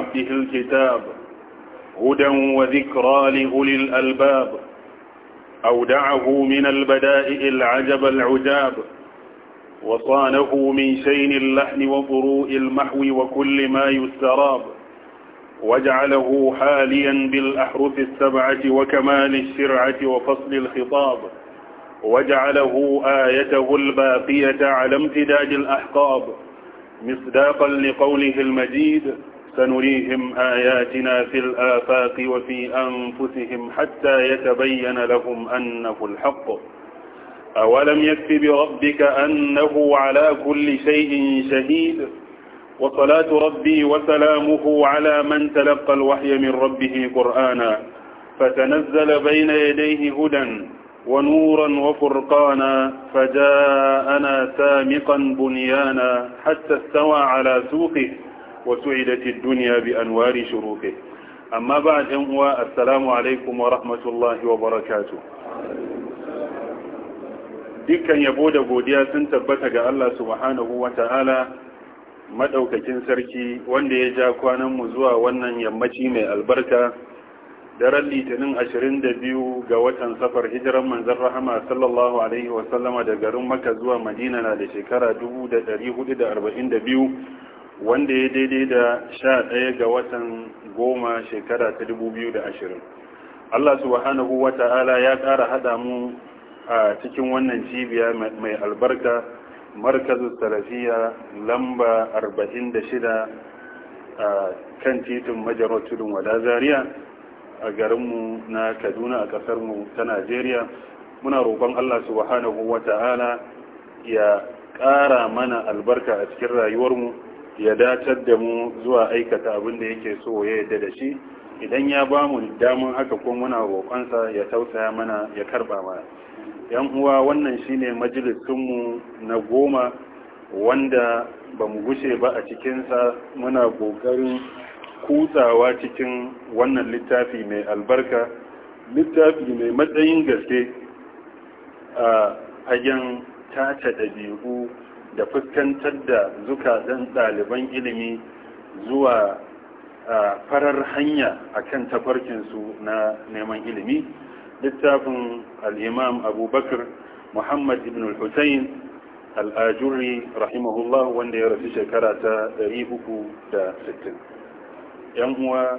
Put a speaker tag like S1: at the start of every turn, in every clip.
S1: عبده الكتاب هدى وذكرى لأولي الألباب أودعه من البدائع العجب العجاب وصانه من شين اللحن وضروء المحو وكل ما يستراب وجعله حاليا بالأحرف السبعة وكمال الشرعة وفصل الخطاب وجعله آيته الباقية على امتداد الأحقاب مصداقا لقوله المجيد سنريهم آياتنا في الآفاق وفي أنفسهم حتى يتبين لهم أنه الحق أولم يكف بربك أنه على كل شيء شهيد وصلاة ربي وسلامه على من تلقى الوحي من ربه قرآنا فتنزل بين يديه هدى ونورا وفرقانا فجاءنا سامقا بنيانا حتى استوى على سوقه wasu idatin duniya bi anwari shurufe amma ba a uwa assalamu alaikum wa rahmatullahi wa barakatu dukkan yabo da godiya sun tabbata ga Allah subhanahu wa ta'ala madaukakin sarki wanda ya ja kwanan mu zuwa wannan yammaci mai albarka daren litinin 22 ga watan safar hijiran manzan rahama sallallahu alaihi wasallama da garin maka zuwa madina na da shekara 1442 wanda ya daidai da sha ɗaya ga watan goma shekara ta dubu biyu da ashirin allah subhanahu wa ta'ala ya ƙara haɗa mu a cikin wannan cibiya mai albarka markazin salafiya lamba arba'in da shida a kan titin majalar tudun wada zariya a garinmu na kaduna a ƙasarmu ta najeriya muna roƙon allah subhanahu wa ta'ala ya ƙara mana albarka a cikin rayuwarmu ya datar da mu zuwa aikata abin da yake so ya yadda da shi idan ya ba mu damun haka ko muna roƙonsa ya tausaya mana ya karba mana yan uwa wannan shine majalisunmu na goma wanda ba mu gushe ba a cikinsa muna ƙoƙarin kutsawa cikin wannan littafi mai albarka littafi mai matsayin gaske a hagen tace ɗabi'u da fuskantar da zukatan ɗaliban ilimi zuwa farar hanya akan tafarkinsu na neman ilimi littafin imam abubakar muhammad ibn al-hussein al'ajuri rahimahullah wanda ya rasu shekara ta 360 yan uwa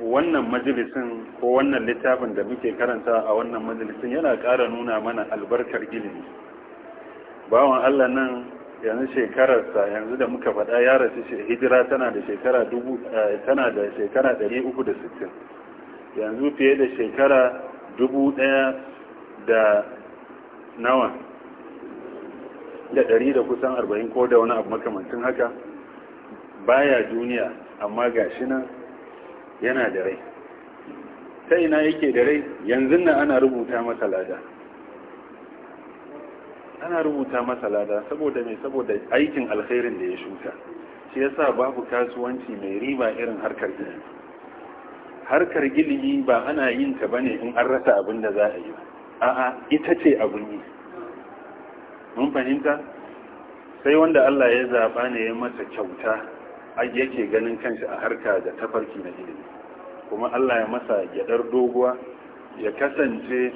S1: wannan majalisin ko wannan littafin da muke karanta a wannan majalisin yana ƙara nuna mana albarkar ilimi bawan Allah nan yanzu shekararsa yanzu da muka faɗa ya rasu shi hijira tana da shekara dubu eh, tana da shekara sittin yanzu fiye da shekara dubu ɗaya da nawa da ɗari da kusan arba'in ko da wani abu makamancin haka baya duniya amma ga shi nan yana da rai ta ina yake da rai yanzu nan ana rubuta masa lada ana rubuta masa lada saboda mai saboda aikin alkhairin da ya shuka shi yasa babu kasuwanci mai riba irin harkar ilimi harkar ilimi ba ana yin ta bane in an rasa abin da za a yi a'a ita ce abin yi mun fahimta sai wanda Allah ya zaba ne ya masa kyauta a yake ganin kanshi a harka da tafarki na ilimi kuma Allah ya masa gyadar doguwa ya kasance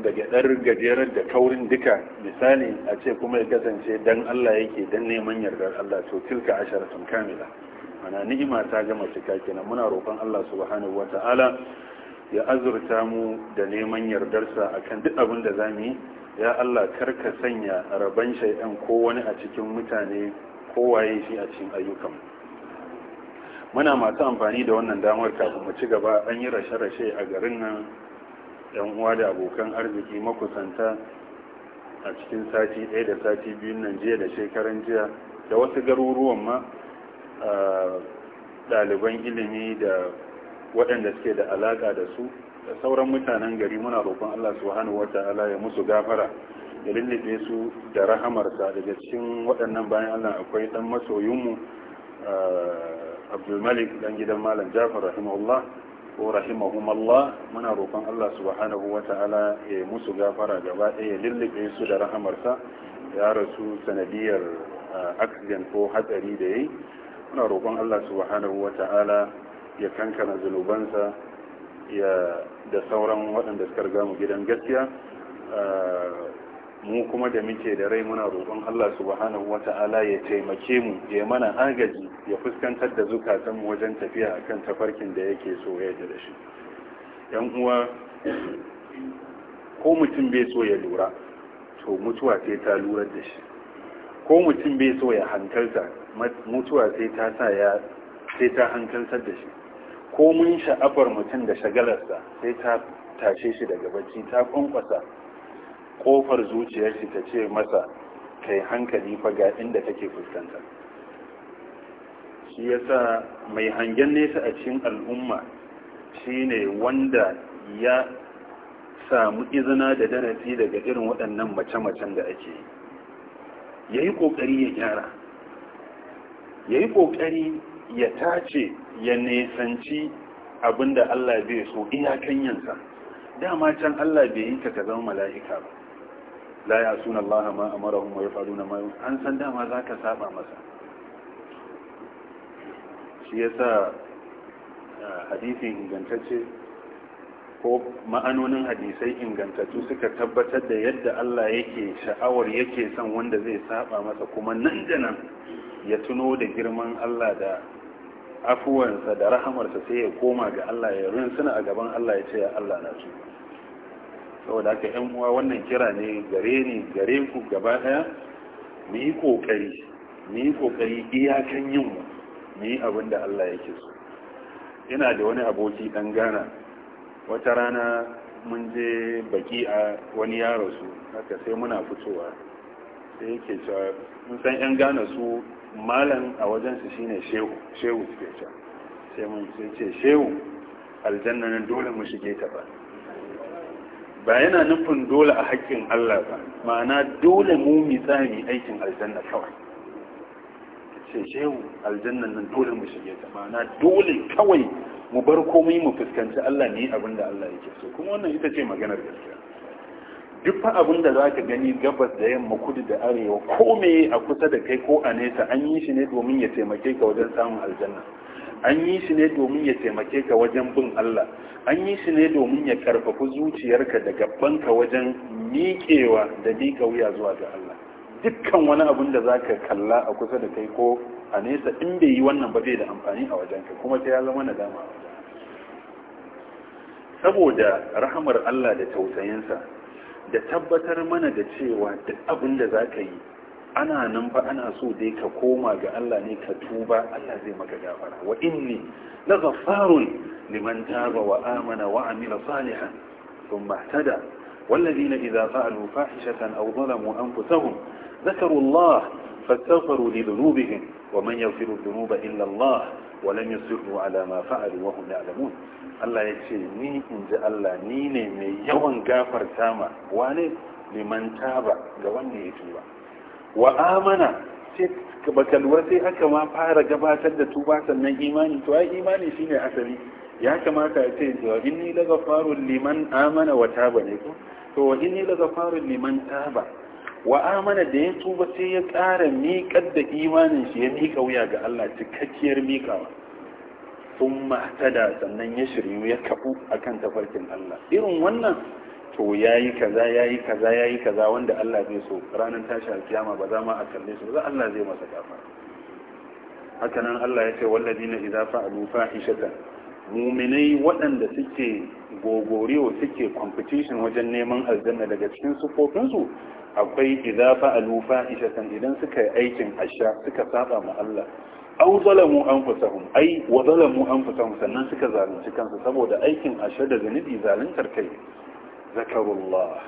S1: da gyadar gajerar da kaurin duka misali a ce kuma ya kasance dan Allah yake dan neman yardar Allah to tilka asharatun kamila ana ni'ima ta gama cika kenan muna roƙon Allah subhanahu wata'ala ya azurta mu da neman yardarsa akan duk abin da zamu yi ya Allah karka sanya raban shay'an ko wani a cikin mutane ko waye shi a cikin ayyukan muna masu amfani da wannan damar kafin mu ci gaba an yi rashe-rashe a garin nan yan uwa da abokan arziki makusanta a cikin sati ɗaya da sati biyun nan jiya da shekaran jiya da wasu garuruwan ma ɗaliban ilimi da waɗanda suke da alaƙa da su da sauran mutanen gari muna roƙon Allah su wata ala ya musu gafara da lullube su da rahamarsa daga cikin waɗannan bayan Allah akwai ɗan masoyinmu Abdulmalik ɗan gidan Malam Jafar rahimahullah ko rahimahumallah muna roƙon Allah subhanahu wata'ala ya musu gafara gaba ɗaya ya lullube su da rahamarsa ya rasu sanadiyar accident ko hatsari da yayi muna roƙon Allah subhanahu ta'ala ya kankana zunubansa ya da sauran waɗanda suka riga mu gidan gaskiya mu kuma da muke da rai muna roƙon Allah subhanahu wata'ala ya taimake mu ya mana agaji ya fuskantar da zukatan mu wajen tafiya akan tafarkin da yake so ya da shi yan uwa ko mutum bai so ya lura to mutuwa sai ta lura da shi ko mutum bai so ya hankalta mutuwa sai ta sa ya sai ta hankaltar da shi ko mun sha'afar mutum da shagalarsa sai ta tashe shi daga bacci ta kwankwasa kofar zuciyar shi ta ce masa kai hankali fa ga inda take fuskanta shi yasa mai hangen nesa a cikin al'umma shine wanda ya samu izina da darasi daga irin waɗannan mace-macen da ake yi ya yi ƙoƙari ya gyara ya yi ƙoƙari ya tace ya nesanci abinda Allah bai so iyakan yansa dama can Allah bai yi ka ka zama mala'ika ba la ya suna Allah ma ya faru na mayu? an san dama za ka saba masa shi ya sa hadisin ingantacce ko ma'anonin hadisai ingantattu suka tabbatar da yadda Allah yake sha'awar yake son wanda zai saba masa kuma nan da nan ya tuno da girman Allah da afuwansa da rahamarsa sai ya koma ga Allah ya rinsuna a gaban Allah ya ce ya Allah na su saboda haka yan uwa wannan kira ne gare ni gare ku gaba daya mu yi kokari mu yi kokari iyakan yin mu mu yi abin da Allah yake so ina da wani aboki dan Ghana wata rana mun je baki a wani yaro su haka sai muna fitowa sai yake cewa mun san yan Ghana su malam a wajen su shine shehu shehu suke cewa sai mun ce shehu aljanna dole mu shige ta ba ba yana nufin dole a haƙƙin Allah ba ma'ana dole mu mi aikin aljanna kawai ce shehu aljanna nan dole mu shige ta ma'ana dole kawai mu bar komai mu fuskanci Allah ne abin da Allah yake so kuma wannan ita ce maganar gaskiya duk fa abin da za ka gani gabas da yamma kudu da arewa komai a kusa da kai ko a nesa an yi shi ne domin ya taimake ka wajen samun aljanna an yi shi ne domin ya taimake ka wajen bin Allah an yi shi ne domin ya karfafi zuciyarka da gabanka wajen miƙewa da miƙa wuya zuwa ga Allah dukkan wani abin da za ka kalla a kusa da kai ko a nesa in bai yi wannan ba bai da amfani a wajenka kuma ta ya zama nadama a wajen saboda rahamar Allah da tausayinsa da tabbatar mana da cewa duk abin da za ka yi ana nan fa ana so dai ka koma ga Allah ne ka tuba Allah zai maka gafara wa inni la ghaffarun liman taba wa amana wa amila salihan thumma ihtada والذين إذا فعلوا فاحشة أو ظلموا أنفسهم ذكروا الله فاستغفروا لذنوبهم ومن يغفر الذنوب إلا الله ولم يصروا على ما فعلوا وهم يعلمون الله يتشي ني إن جاء الله ني ني يوان غافر تاما واني لمن تاب غواني يتوبا wa amana sai baka lura sai aka ma fara gabatar da tuba sannan imani to ai imani shine asali ya kamata a ce wa inni la liman amana wa taba ne ko to wa inni la liman taba wa amana da ya tuba sai ya ƙara miƙar da imanin shi ya miƙa wuya ga Allah cikakkiyar miƙawa sun tada sannan ya shiryu ya kaɓu akan tafarkin Allah irin wannan to yayi kaza yayi kaza yayi kaza wanda Allah zai so ranar tashi alkiyama ba za ma a kalle su ba Allah zai masa gafara haka nan Allah ya ce walladina idza fa'alu fahishatan muminai waɗanda suke gogorewa suke competition wajen neman aljanna daga cikin sifofinsu, akwai idza fa'alu fahishatan idan suka yi aikin asha suka saba ma Allah aw zalamu anfusahum ai wa zalamu anfusahum sannan suka zalunci kansu saboda aikin asha da zanibi zaluntar kai zakarullah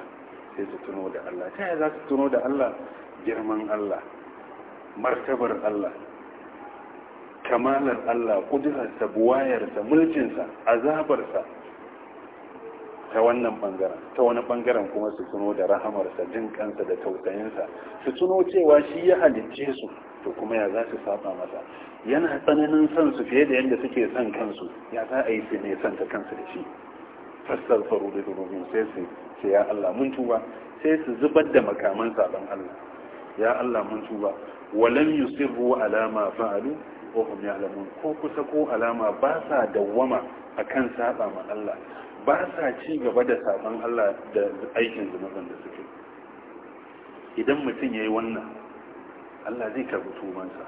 S1: sai su tuno da Allah ta yaya za su tuno da Allah girman Allah martabar Allah kamalar Allah ƙudurarsa buwayarsa mulkinsa azabarsa ta wannan bangaren ta wani bangaren kuma su tuno da rahamarsa jin kansa da tausayinsa su tuno cewa shi ya halicce su to kuma ya za su saba masa yana tsananin son su fiye da yadda suke son kansu ya za a yi su ne son ta kansu da shi fastaghfiru da dhunubihim sai su ce ya Allah mun tuba sai su zubar da makaman sabon Allah ya Allah mun tuba walam yusirru ala ma fa'alu wa hum ya'lamun ko kusa ko alama ba sa dawwama akan saba ma Allah ba sa ci gaba da sabon Allah da aikin zunubin da suke idan mutum yayi wannan Allah zai karbi tubansa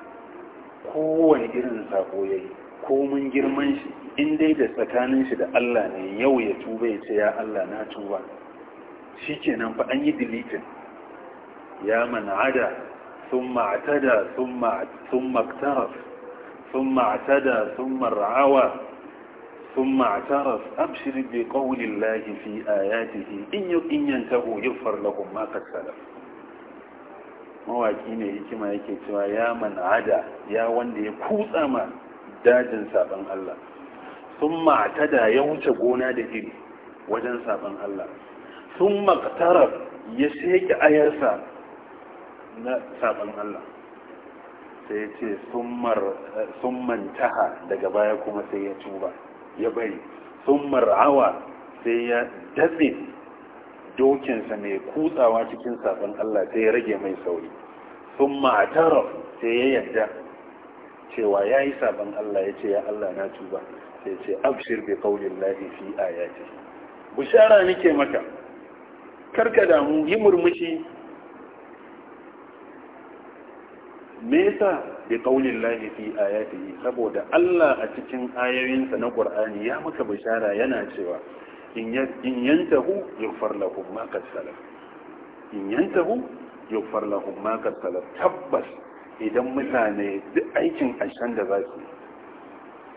S1: kowane irin sako yayi komun girman shi in dai da tsakanin shi da Allah ne yau ya tuba ya ce ya Allah na tuba shi kenan fa an yi dilitin ya man'ada sun ma'atada sun maktaraf sun ma'atada sun mar'awa sun ma'ataraf abshir bi qawlin lahi fi ayatihi in in yantahu yughfar lahum ma mawaki ne hikima yake cewa ya man'ada ya wanda ya kutsa ma dajin saban Allah sun da ya wuce gona da iri wajen saban Allah sun maktarar ya sheke ayarsa na saban Allah sai ya ce sun mantaha daga baya kuma sai ya tuba ya bari sun mar'awa sai ya datse dokinsa mai kutsawa cikin saban Allah sai ya rage mai sauri sun ma'atarar sai ya yadda cewa ya yi sabon Allah ya ce ya Allah na tuba sai ce abshir bi qawlin lahi fi ayati bushara nake maka karka damu yi murmushi me yasa bi qawlin lahi fi ayatihi saboda Allah a cikin ayoyinsa na Qur'ani ya maka bushara yana cewa in yantahu hu lahum ma qad salaf in yantahu hu lahum ma qad salaf tabbas idan mutane duk aikin ashen da za su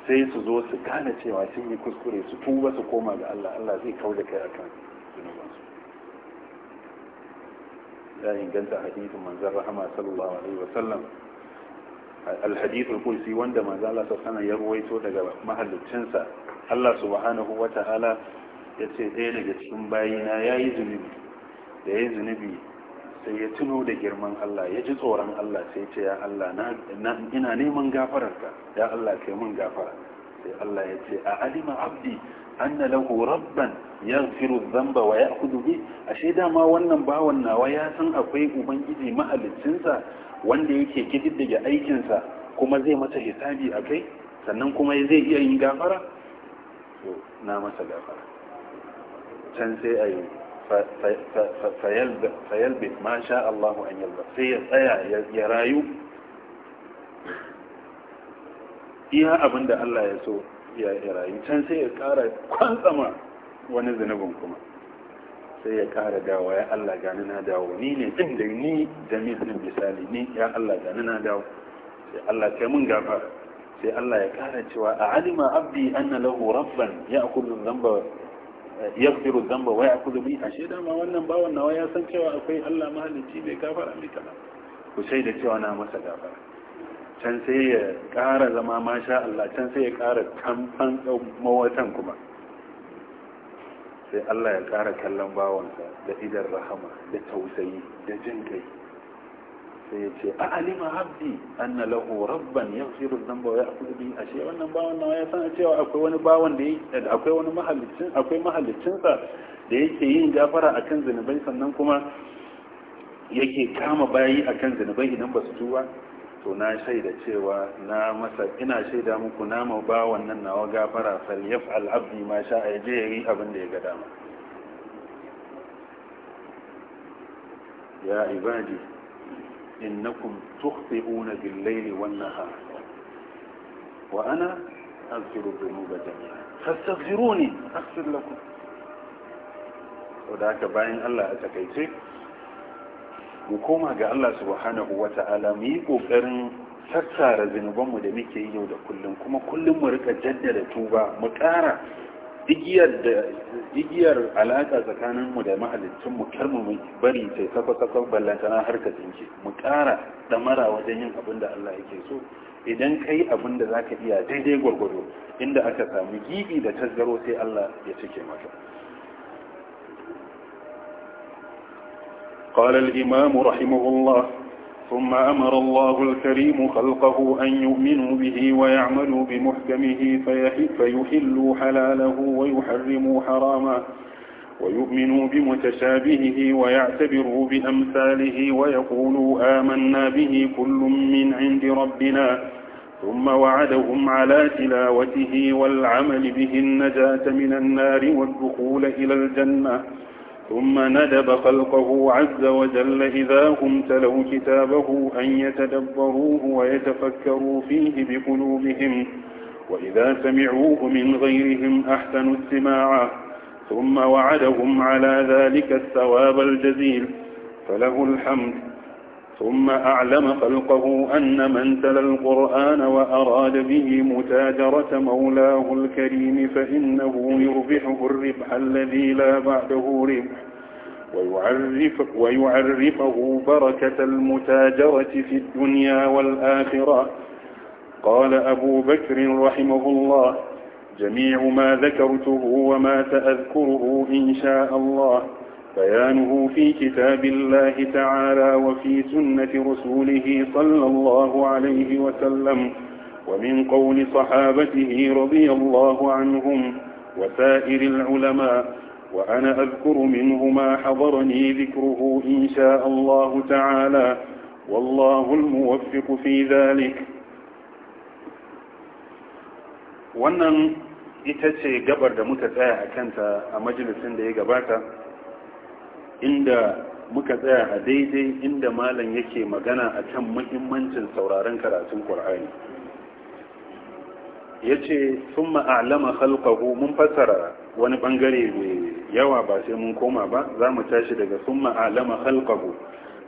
S1: sai su zo su gane cewa sun yi kuskure su tuba su koma ga Allah Allah zai kau da kai akan zunubansu ya inganta hadithin manzan rahama sallallahu alaihi wasallam الحديث القدسي wanda ما زال سبحانه يروي تو daga mahallicinsa Allah subhanahu ya yace ɗaya daga cikin bayina yayi zunubi da zunubi sai ya tuno da girman Allah ya ji tsoron Allah sai ce ya Allah ina neman gafararka ya Allah kai mun gafara sai Allah ya ce a alima abdi anna lahu rabban yaghfiru dhanba wa ya'khudhu bi ashe dama wannan bawan nawa ya san akwai ubangiji sa wanda yake kididdige aikinsa kuma zai mata hisabi a sannan kuma zai iya yin gafara na masa gafara can sai a fayalbe ma sha Allahu an yalba sai ya tsaya ya rayu iya abin da Allah ya so ya rayu can sai ya ƙara kwantsama wani zunubin kuma sai ya ƙara dawo ya Allah gani na dawo ni ne ɗin da misali ni ya Allah gani na sai Allah mun sai Allah ya cewa a alima abdi anna rabban ya yaghfiru dhanba wa ya'khudhu bi ashe dama wannan bawan nawa ya san cewa akwai Allah mahalicci mai gafara mai kaza ku sai da cewa na masa gafara can sai ya kara zama masha Allah can sai ya ƙara tamfan mawatan kuma sai Allah ya kara kallon bawansa da idan rahama da tausayi da jin kai sai ya ce a alima abdi anna lahu rabban yaghfiru dhanba wa ya'khudhu bihi ashe wannan bawan nawa ya san cewa akwai wani bawan da akwai wani mahallicin akwai mahallicin sa da yake yin gafara akan zinubai sannan kuma yake kama bayi akan zinubai idan ba su tuba to na shaida cewa na masa ina shaida muku na ma bawan nan nawa gafara fal yaf'al abdi ma sha ya je yayi abin da ya ga dama ya ibadi إنكم تخطئون بالليل والنهار وأنا أغفر الذنوب جميعا فاستغفروني أغفر لكم وذاك باين الله أتكيتك mu koma ga Allah subhanahu wa ta'ala mu yi ƙoƙarin sassara zunubanmu da muke yi yau da kullum kuma kullum mu rika jaddada tuba mu ƙara igiyar alaƙa igiyar tsakanin mu da mahallicin mu kar mu bari sai sako sako ballantana har ka tsinke mu ƙara ɗamara wajen yin abin da Allah yake so idan kai abin da za ka iya daidai gwargwado inda aka samu gibi da tasgaro sai Allah ya cike maka قال الإمام رحمه الله ثم أمر الله الكريم خلقه أن يؤمنوا به ويعملوا بمحكمه فيحلوا حلاله ويحرموا حرامه ويؤمنوا بمتشابهه ويعتبروا بأمثاله ويقولوا آمنا به كل من عند ربنا ثم وعدهم على تلاوته والعمل به النجاة من النار والدخول إلى الجنة ثم ندب خلقه عز وجل إذا هم تلوا كتابه أن يتدبروه ويتفكروا فيه بقلوبهم وإذا سمعوه من غيرهم أحسنوا السماعة ثم وعدهم على ذلك الثواب الجزيل فله الحمد ثم أعلم خلقه أن من تلى القرآن وأراد به متاجرة مولاه الكريم فإنه يربحه الربح الذي لا بعده ربح ويعرف ويعرفه بركة المتاجرة في الدنيا والآخرة قال أبو بكر رحمه الله جميع ما ذكرته وما سأذكره إن شاء الله بيانه في كتاب الله تعالى وفي سنة رسوله صلى الله عليه وسلم ومن قول صحابته رضي الله عنهم وسائر العلماء وأنا أذكر منه ما حضرني ذكره إن شاء الله تعالى والله الموفق في ذلك وأنا إتشي قبر gabar da muka tsaya a inda muka tsaya a daidai inda malam yake magana a kan muhimmancin sauraron karatun ƙur'ani ya ce sun ma'alama halkahu mun fassara wani ɓangare mai yawa ba sai mun koma ba za mu tashi daga sun ma'alama halkahu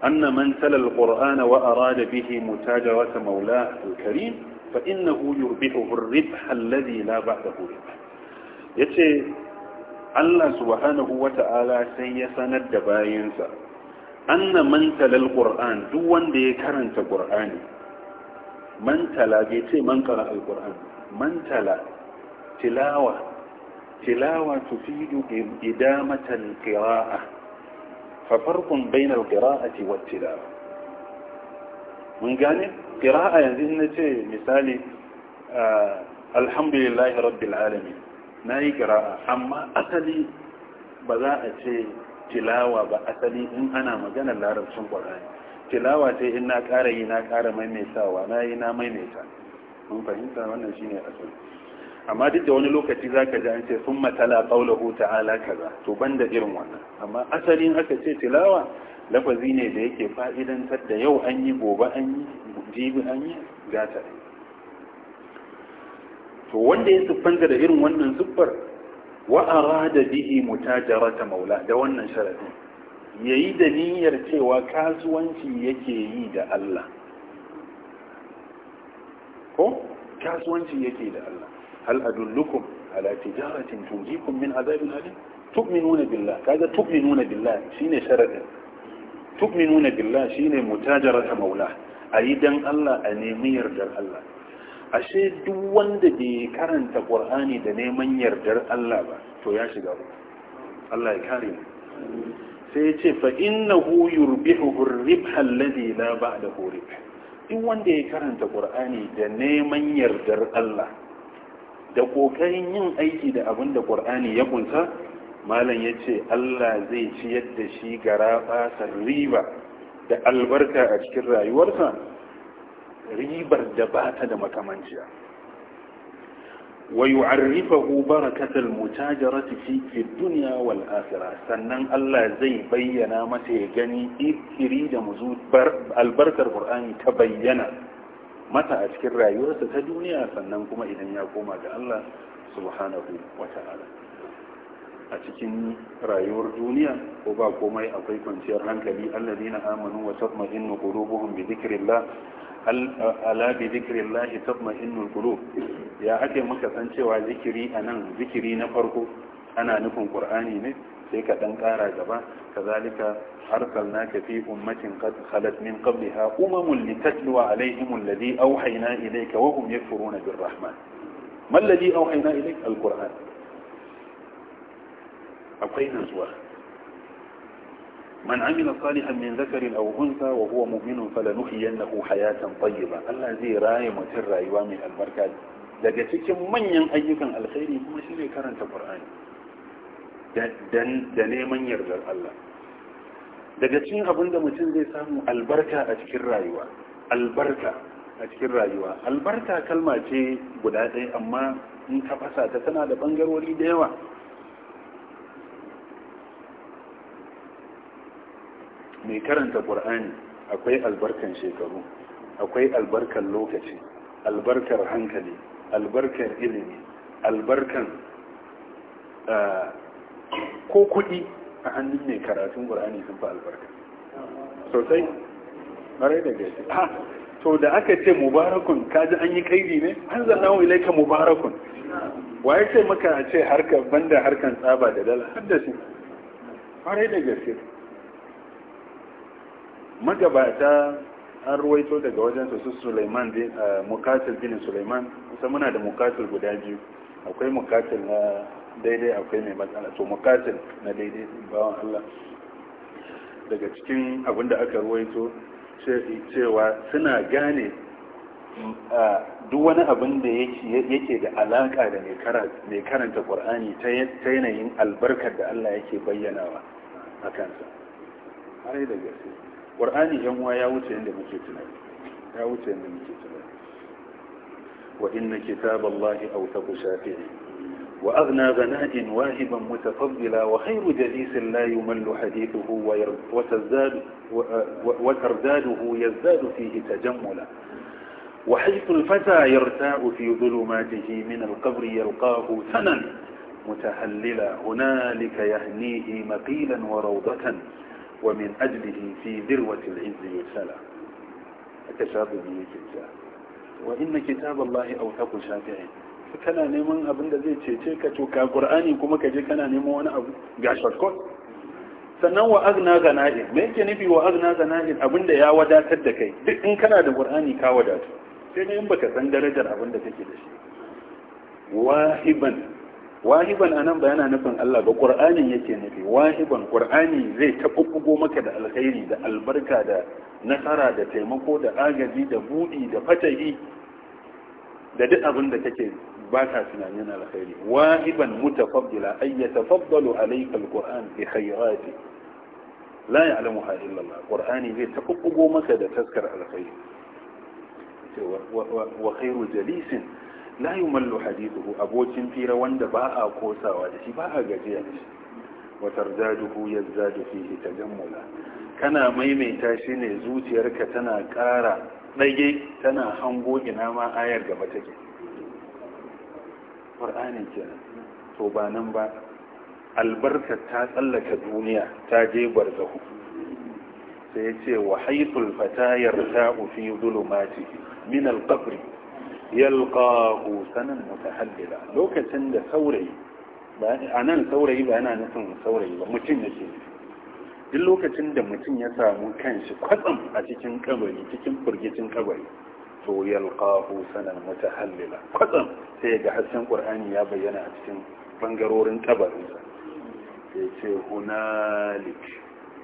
S1: أن من تلا maula وأراد به متاجرة مولاه الكريم فإنه يربحه الربح ba لا بعده Ya ce. Allah subhanahu wata'ala sai ya sanar da bayansa anna man talal qur'an duk wanda ya karanta qur'ani man tala bai ce man qara alquran man tala tilawa tilawa tufidu idamatan qira'a fa farqun bayna alqira'ati wat tilawa mun gane qira'a yanzu na ce misali ah, alhamdulillahi rabbil alamin na yi ƙira'a, amma asali ba za a ce tilawa ba asali in ana maganar larabcin ƙwararri tilawa ce in na ƙara yi na ƙara maimaitawa na yi na maimaita mun fahimta wannan shi ne asali amma duk da wani lokaci za ka ji an ce sun matala ƙaunahu ta'ala kaza to ban da irin wannan amma asalin aka ce tilawa lafazi ne da yake fa'idantar da yau an yi gobe an yi jibi an yi gata ne to wanda ya siffanta da irin wannan siffar wa arada bihi mutajarata maula da wannan sharadi yi da niyyar cewa kasuwanci yake yi da Allah ko kasuwanci yake da Allah hal adullukum ala tijaratin tujikum min azabin alim tu'minuna billah kaga tu'minuna billah shine sharadin tu'minuna billah shine mutajarata maula ayi dan Allah a nemi yardar Allah ashe duk wanda bai karanta qur'ani da neman yardar Allah ba to ya shiga ba Allah ya kare mu sai ya ce fa innahu yurbihu ar-ribha alladhi la ba'dahu ribh duk wanda ya karanta qur'ani da neman yardar Allah da ƙoƙarin yin aiki da abinda da qur'ani ya kunsa malam ya ce Allah zai ciyar da shi gara riba da albarka a cikin rayuwarsa ribar da ba ta da makamanciya wa yu'arrifahu barakatul mutajarati fi fi dunya wal akhirah sannan Allah zai bayyana masa ya gani ikiri da albarkar Qur'ani ta bayyana mata a cikin rayuwarsa ta duniya sannan kuma idan ya koma ga Allah subhanahu wa ta'ala a cikin rayuwar duniya ko ba komai akwai kwanciyar hankali allazina amanu wa qulubuhum bi dhikrillah ala bi dhikrillah qulub ya ake muka san cewa zikiri anan zikiri na farko ana nufin qur'ani ne sai ka dan kara gaba kazalika arsalnaka fi ummatin qad khalat min qabliha umamun litatluwa alaihim alladhi awhayna ilayka wa hum yakfuruna birrahman akwai nutsuwa man Amina salihan min zakarin aw unsa wa huwa mu'minun falanuhyiyannahu hayatan tayyiba Allah zai raye mutum rayuwa mai albarka daga cikin manyan ayyukan alkhairi kuma shine karanta Qur'ani da neman yardar Allah daga cikin abinda mutum zai samu albarka a cikin rayuwa albarka a cikin rayuwa albarka kalma ce guda ɗaya amma in ka fasa ta tana da ɓangarori da yawa mai karanta Al-ƙur'ani, akwai albarkan shekaru akwai albarkan lokaci albarkar hankali albarkar ilimi albarkan ko kuɗi a hannun mai karatun ƙurani sun fi albarka sosai marai da gaske to da aka ce mubarakun kaji an yi kaidi ne an zanna wa ilaika mubarakun waye ce maka a ce harkar banda harkar tsaba da dala har da shi kwarai da gaske magabata an ruwaito daga wajen su Sulaiman din mukatil bin Sulaiman kusa muna da mukatil guda biyu akwai mukatil na daidai akwai mai matsala to mukatil na daidai bawan Allah daga cikin abin da aka ruwaito cewa suna gane duk wani abin da yake da alaka da mai karanta Qur'ani ta yanayin albarkar da Allah yake bayyanawa a kansa har da gaske ƙur'ani yan uwa ya wuce inda muke tunani ya wuce inda muke tunani wa inna kitaballahi awthaqu shafi'i wa aghna ghana'in wahiban mutafaddila wa khayru jalisin la yumallu hadithuhu wa tazdadu wa tardaduhu yazdadu fihi tajammula وحيث الفتى يرتاع في ظلماته من القبر يلقاه ثنا متهللا هنالك يهنيه مقيلا وروضة wa min ajlihi fi dirwatil izzi yusala tashabuhi yake ta wa inna kitaballahi awtaqu shafi'in kana neman abin da zai cece ka to ka qur'ani kuma ka je kana neman wani abu ga shortcut sannan wa agna ganahin me yake nufi wa agna ganahin abin da ya wadatar da kai duk in kana da qur'ani ka wadatu sai ne in baka san darajar abin da kake da shi wahiban wahiban anan ba yana nufin Allah ba qur'anin yake nufi wahiban qur'ani zai tabbugo maka da alkhairi da albarka da nasara da taimako da agaji da buɗi da fatahi da duk abin da kake baka tunanin alkhairi wahiban mutafaddila ay yatafaddalu alayka alquran fi khayrati la ya'lamuha illa Allah qur'ani zai tabbugo maka da taskar alkhairi wa khairu jalisin la yumallu hadithuhu abokin fira wanda ba a kosawa da shi ba a gajiya da shi wa tarzaduhu yazdadu fihi tajammula kana maimaita shi ne zuciyarka tana ƙara ɗage tana hango ina ma ayar gaba take qur'anin kenan to ba nan ba albarka ta tsallaka duniya ta je barzahu sai ce wa haithul fata ta fi zulumati min al yalqahu sanan mutahallila lokacin da saurayi a nan saurayi ba yana nufin saurayi ba mutum yake duk lokacin da mutum ya samu kanshi kwatsam a cikin kabari cikin furgicin kabari to yalqahu sanan mutahallila kwatsam sai ga hasken qur'ani ya bayyana a cikin bangarorin kabarinsa sai ce hunalik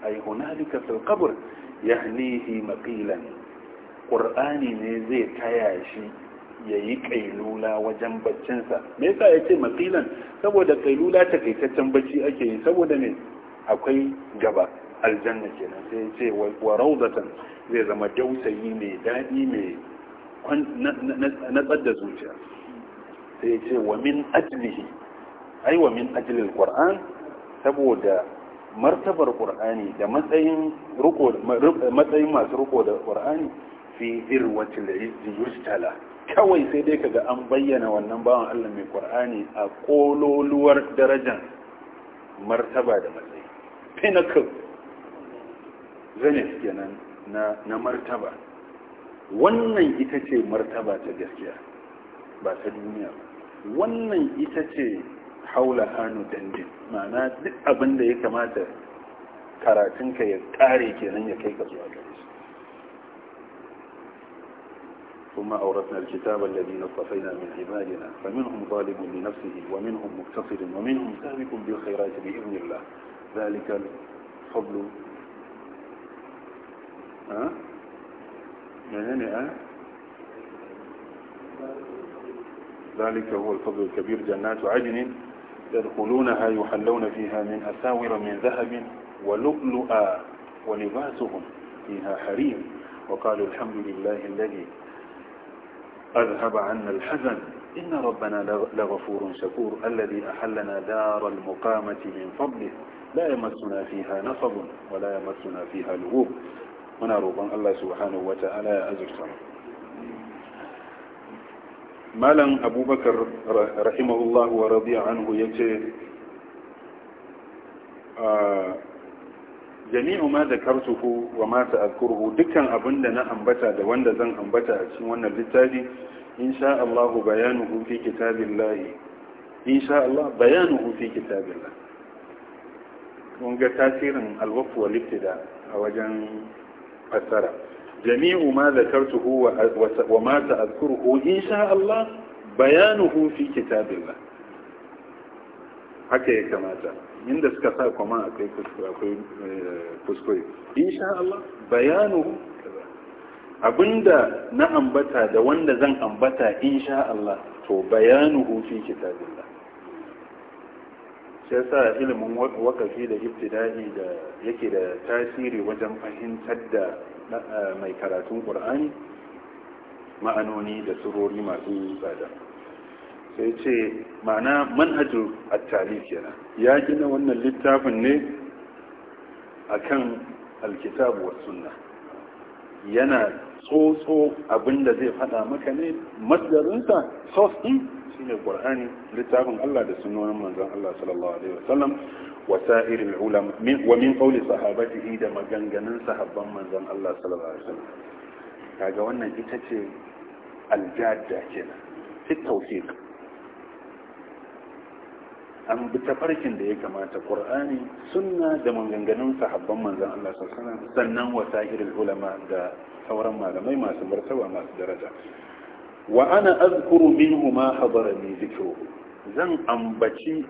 S1: ai hunalika fil qabr yahnihi maqilan qur'ani ne zai taya shi Yayi yi kailula wajen baccinsa me yasa ya ce matsilan saboda kailula takaitaccen bacci ake yi saboda ne akwai gaba aljanna kenan sai ya ce wa rawdatan zai zama dausayi mai daɗi mai natsar da zuciya sai ya ce wa min ajlihi ai wa min ajlil qur'an saboda martabar qur'ani da matsayin matsayin masu riko da qur'ani fi irwatil izzi yustala kawai sai dai kaga an bayyana wannan bawan Allah mai Qur'ani a kololuwar darajar martaba da matsayi pinnacle zenith kenan na na martaba wannan ita ce martaba ta gaskiya ba ta duniya wannan ita ce haula hannu dandin ma'ana duk abinda ya kamata karatunka ya kare kenan ya kai ka zuwa gare shi ثم أورثنا الكتاب الذين اصطفينا من عبادنا فمنهم ظالم لنفسه ومنهم مقتصد ومنهم سابق بالخيرات بإذن الله ذلك الفضل ها يعني أه؟ ذلك هو الفضل الكبير جنات عدن يدخلونها يحلون فيها من أساور من ذهب ولؤلؤا ولباسهم فيها حريم وقالوا الحمد لله الذي أذهب عنا الحزن إن ربنا لغفور شكور الذي أحلنا دار المقامة من فضله لا يمسنا فيها نصب ولا يمسنا فيها لغوب من روبان الله سبحانه وتعالى أزرتنا مالا أبو بكر رحمه الله ورضي عنه يتي آه jami'u ma da zakartuhu wa ma ta'azkuruhu dukkan da na ambata da wanda zan ambata a cikin wannan littafi insha Allah bayanuhu fi kitabillah insha Allah bayanuhu fi kitabillah kun ga tasirin alwaqf wal ibtida a wajen fassara jami'u ma da zakartuhu wa ma ta'azkuruhu insha Allah bayanuhu fi kitabillah haka ya kamata inda suka sa kwama akwai eh, kuskure
S2: insha Allah
S1: bayanu abinda na ambata da wanda zan ambata insha Allah to bayanuhu fi kitabillah sai sa ilimin wakafi da ibtida'i da yake da tasiri wajen fahimtar da eh, mai karatun qur'ani ma'anoni da surori masu tsada sai ce ma'ana manhajin attali kenan ya gina wannan littafin ne a kan alkitabu wa sunna yana tsotso abinda zai fada maka ne masdarinsa source shi ne ƙwar'ani littafin Allah da sunnonin manzan Allah sallallahu alaihi wasallam wa min ومن قول yi da maganganun sahabban manzan Allah sallallahu alaihi wasallam kaga wannan ita ce aljadda kenan fit tawfiq an bi tafarkin da ya kamata qur'ani sunna da maganganun sahabban manzon Allah sallallahu alaihi wasallam sannan wasairul ulama da sauran malamai masu martaba masu daraja wa ana azkuru minhu ma hadara li zikruhu zan ambaci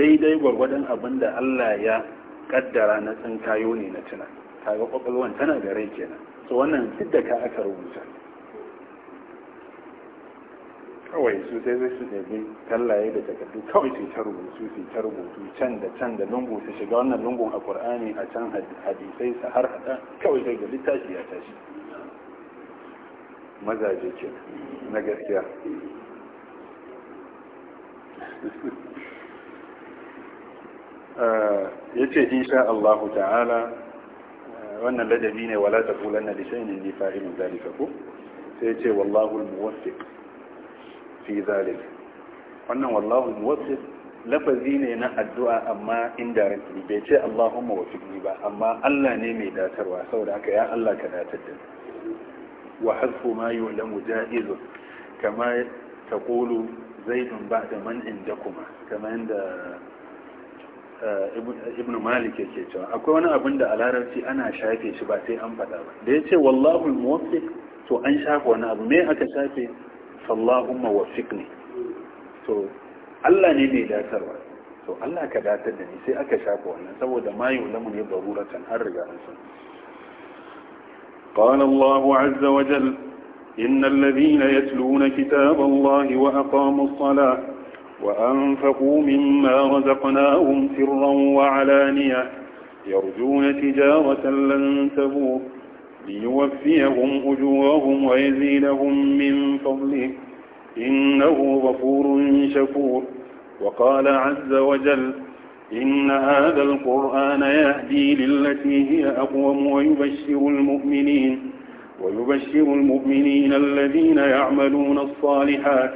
S1: daidai gwargwadon abin da Allah ya kaddara na tsinkayo ne na tuna kaga kokalwan tana da rai kenan to wannan duk da ka aka rubuta kawai su sai zai su ɗabi tallaye da takardu kawai su ta rubutu su ta rubutu can da can da lungu su shiga wannan lungun a ƙur'ani a can hadisai su har haɗa kawai sai ga littafi ya tashi mazaje ke na gaskiya eh, ya ce insha Allah ta'ala eh, wannan ladabi ne wala ta kulanna da shayin ne fa'ilun zalika ko sai ce wallahu al-muwaffiq fi zalik wannan wallahu muwaffiq lafazi ne na addu'a amma indirectly bai ce Allahumma wafiqni ba amma Allah ne mai datarwa saboda haka ya Allah ka datar da wa hasfu ma yu'lamu jaizun kama taqulu zaidun ba'da man indakuma kama inda eh, ibn malik yake cewa akwai wani abin da a larabci ana shafe shi ba sai an faɗa ba da ya ce wallahu muwaffiq to an shafe wani abu me aka shafe فاللهم وفقني سو الله ني ني داتر سو الله ka datar da ni sai aka shafa wannan saboda mai ulama ne baruratan قال الله عز وجل ان الذين يتلون كتاب الله واقاموا الصلاه وانفقوا مما رزقناهم سرا وعلانيه يرجون تجاره لن تبوك ليوفيهم أجورهم ويزيدهم من فضله إنه غفور شكور وقال عز وجل إن هذا القرآن يهدي للتي هي أقوم ويبشر المؤمنين ويبشر المؤمنين الذين يعملون الصالحات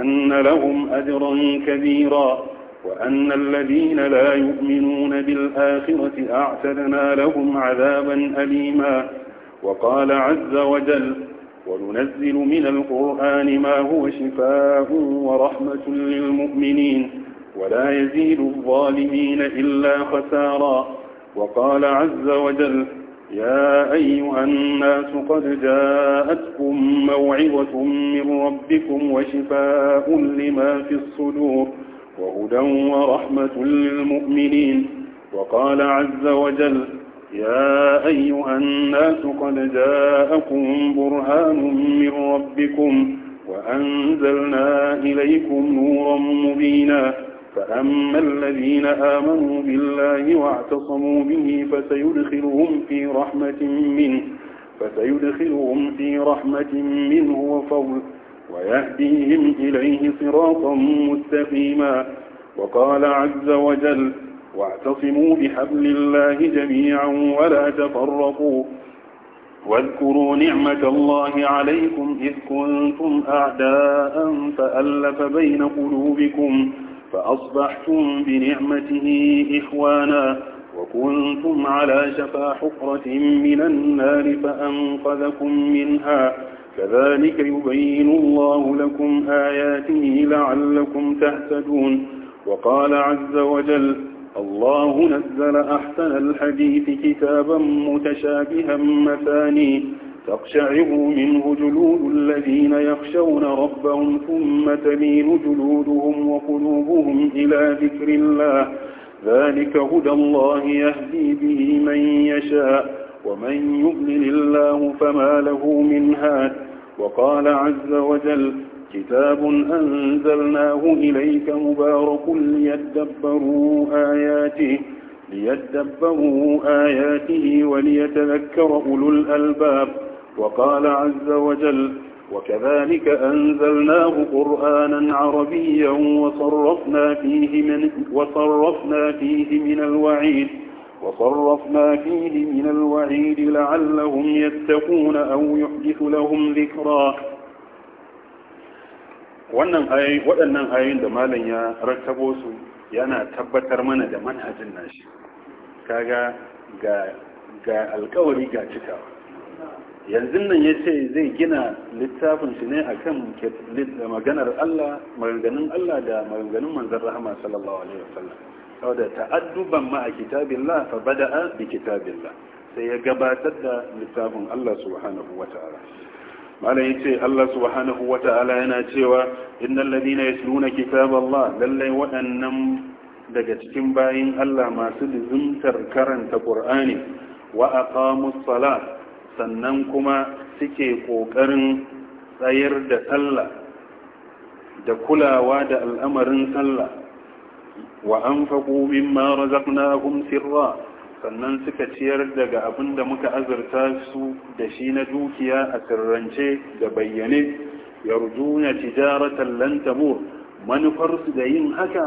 S1: أن لهم أجرا كبيرا وأن الذين لا يؤمنون بالآخرة أعتدنا لهم عذابا أليما وقال عز وجل وننزل من القرآن ما هو شفاء ورحمة للمؤمنين ولا يزيد الظالمين إلا خسارا وقال عز وجل يا أيها الناس قد جاءتكم موعظة من ربكم وشفاء لما في الصدور وهدى ورحمة للمؤمنين وقال عز وجل يا أيها الناس قد جاءكم برهان من ربكم وأنزلنا إليكم نورا مبينا فأما الذين آمنوا بالله واعتصموا به فسيدخلهم في رحمة منه فسيدخلهم في رحمة منه وفضل ويهديهم إليه صراطا مستقيما وقال عز وجل واعتصموا بحبل الله جميعا ولا تفرقوا واذكروا نعمة الله عليكم إذ كنتم أعداء فألف بين قلوبكم فأصبحتم بنعمته إخوانا وكنتم على شفا حفرة من النار فأنقذكم منها كذلك يبين الله لكم آياته لعلكم تهتدون وقال عز وجل الله نزل أحسن الحديث كتابا متشابها مثاني تقشعر منه جلود الذين يخشون ربهم ثم تميل جلودهم وقلوبهم إلى ذكر الله ذلك هدى الله يهدي به من يشاء ومن يؤمن الله فما له من هاد وقال عز وجل كتاب أنزلناه إليك مبارك ليدبروا آياته ليدبروا آياته وليتذكر أولو الألباب وقال عز وجل وكذلك أنزلناه قرآنا عربيا وصرفنا فيه من, وصرفنا فيه من الوعيد وصرفنا فيه من الوعيد لعلهم يتقون أو يحدث لهم ذكرا waɗannan ayoyin da malam ya rattabo su yana tabbatar mana da manhajin nashi kaga ga ga alkawari ga cikawa yanzu nan ya ce zai gina littafin shi ne a kan maganar Allah maganganun Allah da maganganun manzan rahama sallallahu alaihi wasallam sau da ta'adduban ma a kitabillah fa bada'a bi kitabillah sai ya gabatar da littafin Allah subhanahu wa ta'ala malam yace Allah subhanahu Ta'ala yana cewa innal ladina yasluna kitaballah lallai waɗannan daga cikin bayin Allah masu lizimtar karanta ƙur'ani wa aqamus sannan kuma suke ƙoƙarin tsayar da sallah da kulawa da al'amarin sallah wa anfaqu mimma razaqnahum sirra sannan suka ciyar daga abin da muka azurta su da shi na dukiya a sirrance da bayyane yarjuna tijaratan lan tabur manufar su da yin haka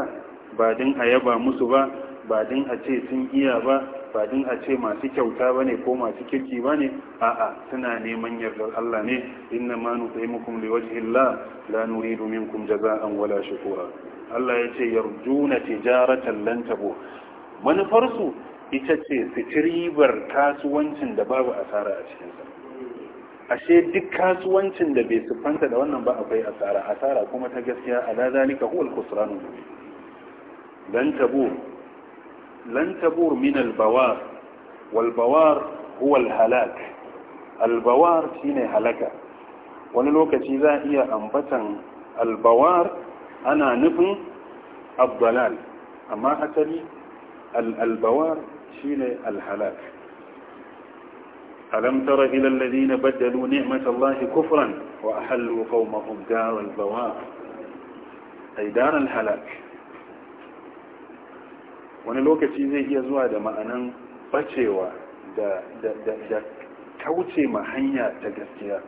S1: ba din a yaba musu ba ba din a ce sun iya ba ba din a ce masu kyauta ne ko masu kirki bane a'a suna neman yardar Allah ne inna ma nutimukum liwajhi Allah la kum jaza jaza'an wala shukura Allah ya ce yarjuna tijaratan lan tabur manufarsu ita ce fitiribar kasuwancin da babu asara a cikinsa ashe duk kasuwancin da bai siffanta da wannan ba akwai asara asara kuma ta gaskiya A zalika huwal al-khusranu lan tabur lan min al-bawar wal halak al-bawar shine halaka wani lokaci za a iya ambatan al ana nufin abdalal amma asali al-bawar shine alhalak alam tara ila alladhina badalu ni'matallahi kufran wa ahallu qawmahum dar al ay dar al wani lokaci zai iya zuwa da ma'anan bacewa da da kauce ma hanya ta gaskiya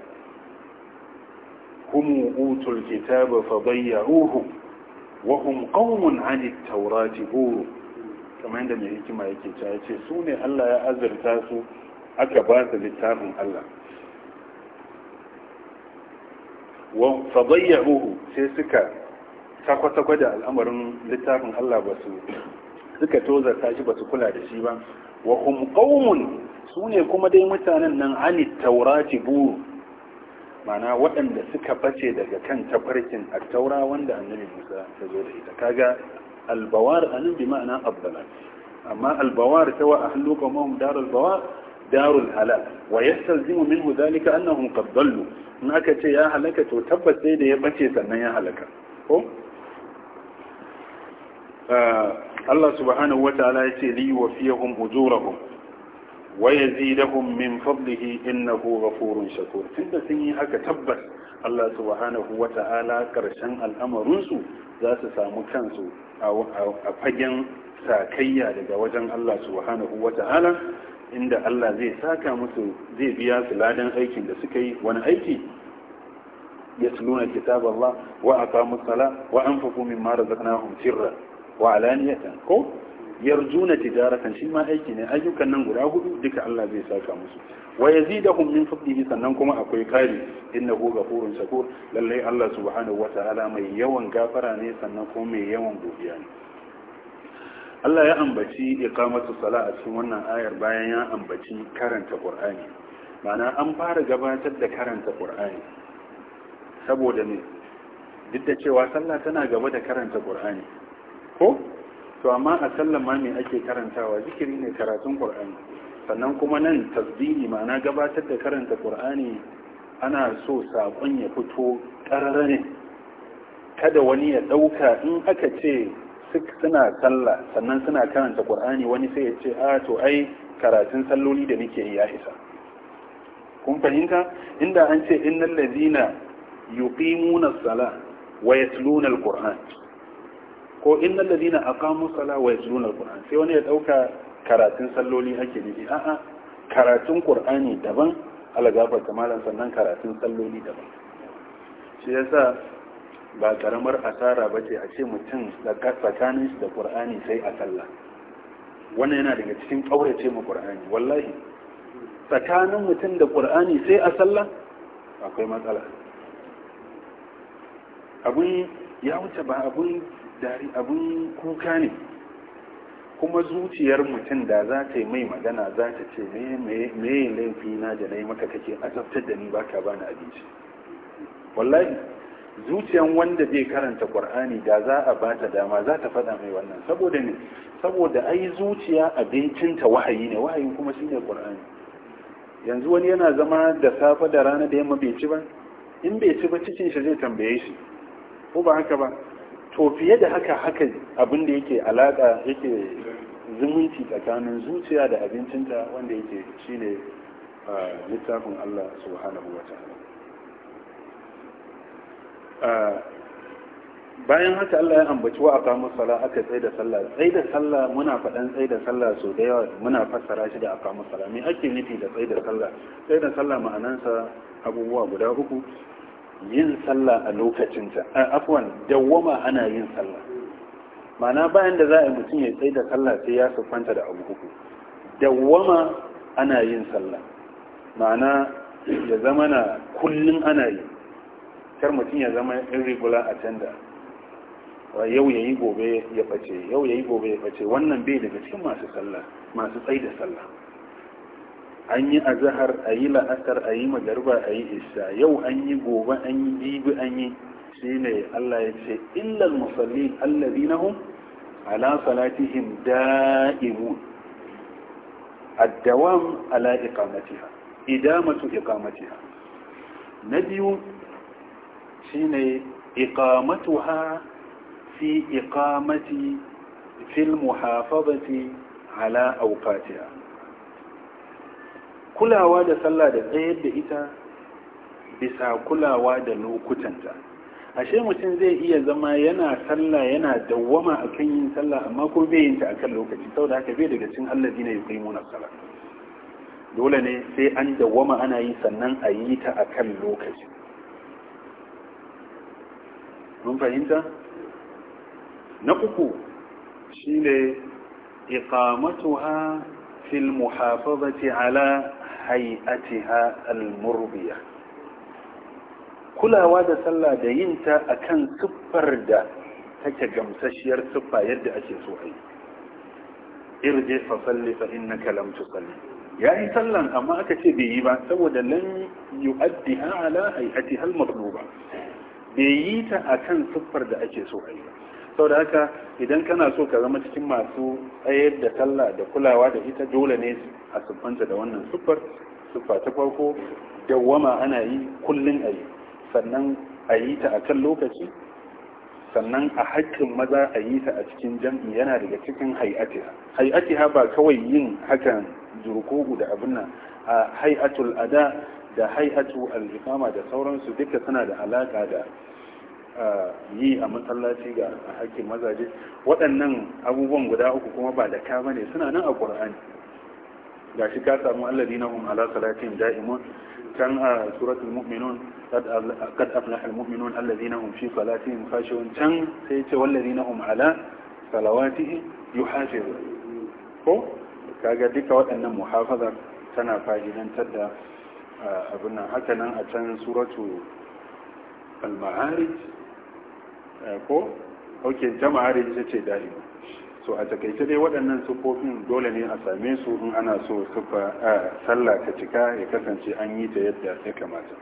S1: هم أوتوا الكتاب فضيعوه وهم قوم عن التوراة هور kamar yadda mai hikima yake cewa ya ce su ne Allah ya azurta su aka ba su littafin Allah wa fadayyahu sai suka sakwa gwada al'amarin littafin Allah ba su suka ta shi ba su kula da shi ba wa hum qaumun su ne kuma dai mutanen nan ani taurati buru mana waɗanda suka bace daga kan tafarkin a taura wanda annabi musa ya zo da ita kaga albawar anan bi ma'ana abdalat amma albawar tawa ahlu qawmahum dar albawar darul halal wa yastalzimu minhu dhalika annahum qad dallu in aka ce ya halaka to tabbas sai da ya bace sannan ya halaka ko Allah subhanahu wa ta'ala yace li yuwaffiyahum ujurahum wa yazidahum min fadlihi innahu ghafurun shakur tunda sun yi haka tabbas Allah subhanahu wa ta'ala ƙarshen al'amarinsu za su samu kansu a fagen sakayya daga wajen Allah subhanahu wa ta'ala inda Allah zai saka musu zai biya su ladan aikin da suka yi wani aiki yasluna kitab Allah wa aqamu sala wa anfaqu mimma razaqnahum sirra wa alaniyatan ko yarjuna tijaratan shi ma aiki ne ayyukan nan guda hudu duka Allah zai saka musu wa yazidahum min fadlihi sannan kuma akwai kari innahu ghafurun shakur lallai Allah subhanahu wataala mai yawan gafara ne sannan kuma mai yawan godiya ne Allah ya ambaci iqamatu salat a cikin wannan ayar bayan ya ambaci karanta Qur'ani ma'ana an fara gabatar da karanta Qur'ani saboda ne duk da cewa sallah tana gaba da karanta Qur'ani ko to amma a sallama ma ake karantawa zikiri ne karatun qur'ani sannan kuma nan tasbihi ma'ana gabatar da karanta qur'ani ana so saƙon ya fito karara kada wani ya dauka in aka ce suna sallah sannan suna karanta qur'ani wani sai ya ce a to ai karatun salloli da nake ya isa kun fahimta inda an ce innal ladina yuqimuna as-salah wa yatluna al-qur'an ko innal ladina aqamu sala wa yatluna alquran sai wani ya ɗauka karatun salloli ake nufi a'a karatun ƙur'ani daban algafar kamalan sannan karatun salloli daban shi yasa ba karamar asara ba ce a ce mutum tsakanin shi da qur'ani sai a sallah wannan yana daga cikin kaurace mu qur'ani wallahi tsakanin mutum da qur'ani sai a sallah akwai matsala abun ya wuce ba abun dari abun kuka ne kuma zuciyar mutum da za ta yi mai magana za ta ce meye laifi na da na yi maka kake azabtar da ni baka bani abinci wallahi zuciyar wanda zai karanta ƙwar'ani da za a ba ta dama za ta faɗa mai wannan saboda ne saboda ai zuciya abincinta wahayi ne wahayin kuma shi ne ƙwar'ani yanzu wani yana zama da safe da rana da yamma bai ci ba in bai ci ba cikin shi zai tambaye shi ko ba haka ba to fiye da haka haka abin da yake alaka yake zumunci tsakanin zuciya da abincinta wanda yake shine littafin Allah subhanahu wa ta'ala bayan haka Allah ya ambaci wa aqamu sala aka tsaye da sallah tsaye da sallah muna faɗan tsaye da sallah so da yawa muna fassara shi da aqamu sala me ake nufi da tsaye da sallah tsaye da sallah ma'anansa abubuwa guda uku yin sallah a lokacinta afwan dawwama ana yin sallah ma'ana bayan da za a mutum ya tsaye da sallah sai ya siffanta da abu uku dawwama ana yin sallah ma'ana ya zama na kullum ana yi kar mutum ya zama irregular attender yau ya yi gobe ya face yau ya yi gobe ya face wannan bai daga cikin masu sallah masu tsaye da sallah an yi azahar a yi la'asar a yi magarba a yi isha yau an yi gobe an yi jibi an yi shi ne allah ya ce illal musallin allazi na hum ala salatihim da'imun addawam ala iqamatiha idamatu iqamatiha na biyu shine iqamatuha fi iqamati fil muhafazati ala awqatiha kulawa da sallah da tsayar da ita bisa kulawa da lokutanta ashe mutum zai iya zama yana sallah yana dawwama akan yin sallah amma ko bai yin ta akan lokaci saboda haka bai daga cin allazi na yuqi muna sallah dole ne sai an dawwama ana yi sannan a yi ta akan lokaci mun fahimta na uku shine iqamatuha fil muhafazati ala hay'atiha al-murbiya kulawa da sallah da yin ta akan siffar da take gamsashiyar siffa yadda ake so a yi irje fa salli fa innaka lam tusalli ya yi sallan amma aka ce bai yi ba saboda lam yu'addiha ala hay'atiha al-matluba bai yi ta akan siffar da ake so a yi ba sau da haka idan kana so ka zama cikin masu tsayar da talla da kulawa da ita dole ne a siffanta da wannan siffar siffa ta farko dawwama ana yi kullum a yi sannan a yi ta a kan lokaci sannan a haƙƙin maza a yi ta a cikin jam'i yana daga cikin hay'atiha hay'atiha ba kawai yin hakan jurku'u da abin nan a hay'atul ada da hay'atu alhikama da sauransu duka suna da alaƙa da yi a masallaci ga hakkin mazaje waɗannan abubuwan guda uku kuma ba da ka bane suna nan a ƙur'ani shi ka samu na hun ala salatin da'imun can a suratul mu'minun kad aflaha allari na hun fi Salatin khashiyun can sai ce na hun ala salawatihim yuhafizun ko kaga duka waɗannan muhafazar tana fahimtar da abin nan haka nan a can suratu al-ma'arij Eh, ko ok jama'a da ita ce da'i so a takaice dai waɗannan sufofin dole ne a same su in ana so sufa eh, sallah ta cika ya kasance an yi ta yadda ya kamata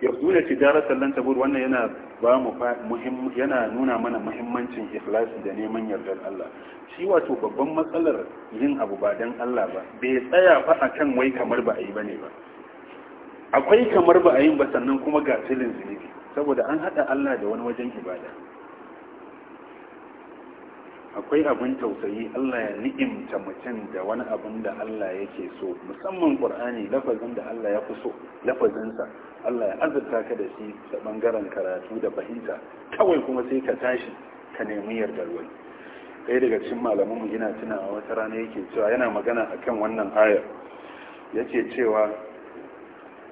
S1: yanzu da tijara sallan tabur wannan yana ba mu yana nuna mana muhimmancin ikhlasi da neman yardar Allah shi wato babban matsalar yin abu ba dan Allah ba bai tsaya fa a kan wai kamar ba a yi bane ba akwai kamar ba a yi ba sannan kuma ga tilin zunubi saboda an haɗa Allah da wani wajen ibada akwai abin tausayi Allah ya ni'imta mutum da wani abin da Allah yake so musamman ƙur'ani lafazin da Allah ya fi so lafazinsa Allah ya azurta ka da shi ta bangaren karatu da fahimta kawai kuma sai ka tashi ka nemi yardar wani ɗaya daga cikin malamanmu ina tuna a wata rana yake cewa yana magana akan wannan ayar yake cewa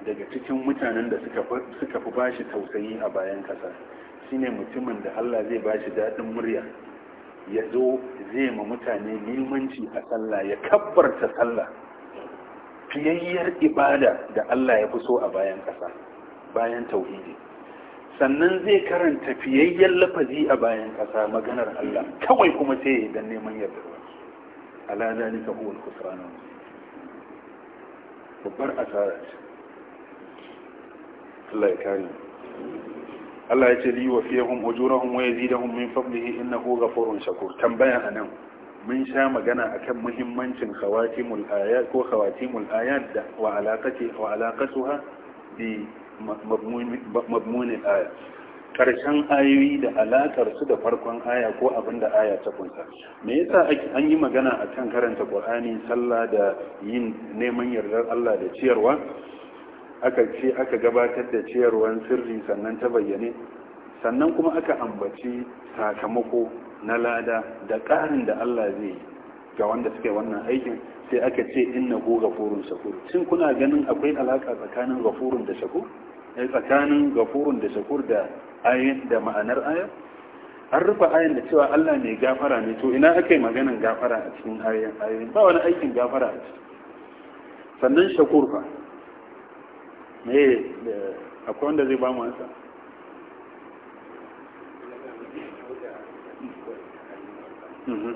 S1: daga cikin mutanen da suka fi bashi tausayi a bayan kasa shine mutumin da Allah zai bashi daɗin murya ya zo zai ma mutane limanci a sallah ya kabbarta sallah fiyayyar ibada da Allah ya fi so a bayan kasa bayan tauhidi sannan zai karanta fiyayyen lafazi a bayan kasa maganar Allah kawai kuma sai dan neman yarda ala zalika huwa al-khusran babbar asara ce Allah ya kare Allah ya ce li wa fihum ujurahum wa yazidahum min fadlihi innahu ghafurun shakur tambaya anan mun sha magana akan muhimmancin khawatimul ayat ko khawatimul ayat da wa alaqati wa alaqatuha bi mabmunin aya karshen ayoyi da alakar su da farkon aya ko abin da aya ta kunsa me yasa an yi magana akan karanta qur'ani sallah da yin neman yardar Allah da ciyarwa aka ce aka gabatar da ciyarwar sirri sannan ta bayyane sannan kuma aka ambaci sakamako na lada da ƙarin da Allah zai yi ga wanda suka yi wannan aikin sai aka ce inna ko gafurun shakur shin kuna ganin akwai alaƙa tsakanin gafurun da shakur eh, tsakanin gafurun da shakur da ayin da ma'anar aya an rufe ayin da cewa Allah ne gafara ne to ina aka yi maganan gafara a cikin ayin ba wani aikin gafara a cikin, sannan shakur fa me a wanda zai ba mu ansa mhm.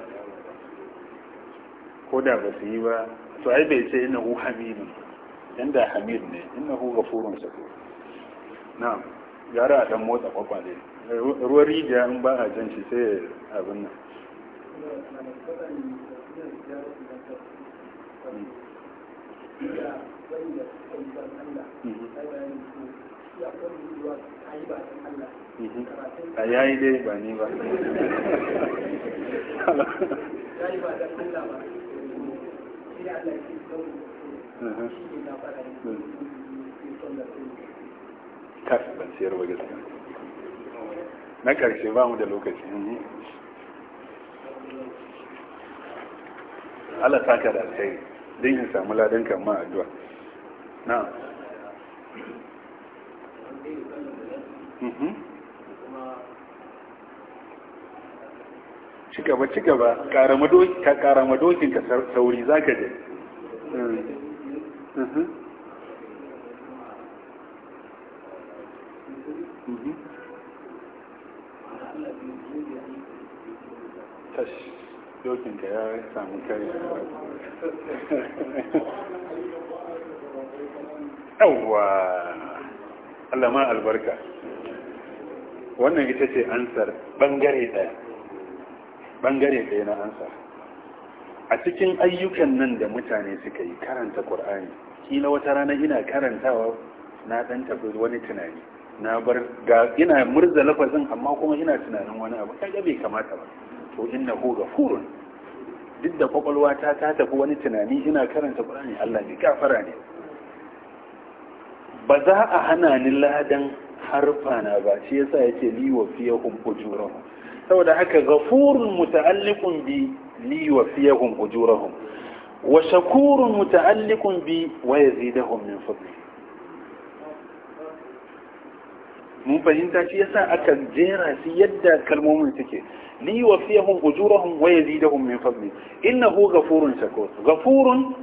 S1: ko da ba su yi ba to ai bai ce ina hu hamidu inda hamid ne ina hu gafurun ko na gara a dan motsa ne ruwan rijiya in ba a jan shi sai abin nan
S2: Thank hmm. you. a ya yi dai ba ni ba
S1: na ƙarshe ba karshe ba mu da lokaci Allah saka da alkhairi don yin samu ladan kan ma addu'a na'am mhm. ci gaba ci gaba karama dokin ka sauri za ka je mm.
S2: mhm. Mhm.
S1: tash dokin ka ya samu kare yawwa Allah ma albarka wannan ita ce ansar bangare daya bangare daya na ansa a cikin ayyukan nan da mutane suka yi karanta qur'ani kila wata rana ina karantawa na ɗan tafi wani tunani na bar ga ina murza lafazin amma kuma ina tunanin wani abu kaga bai kamata ba to innahu ghafurun duk da kwakwalwa ta ta tafi wani tunani ina karanta ƙur'ani Allah ka fara ne ba za a hana ni ladan harfa na ba shi yasa yake li wa fiyahum ujurahum saboda haka ghafurun muta'alliqun bi li wa fiyahum ujurahum wa shakurun muta'alliqun bi wa yazidahum min fadli mun fahimta shi yasa aka jera su yadda kalmomin suke li wa fiyahum ujurahum wa yazidahum min fadli innahu ghafurun shakur ghafurun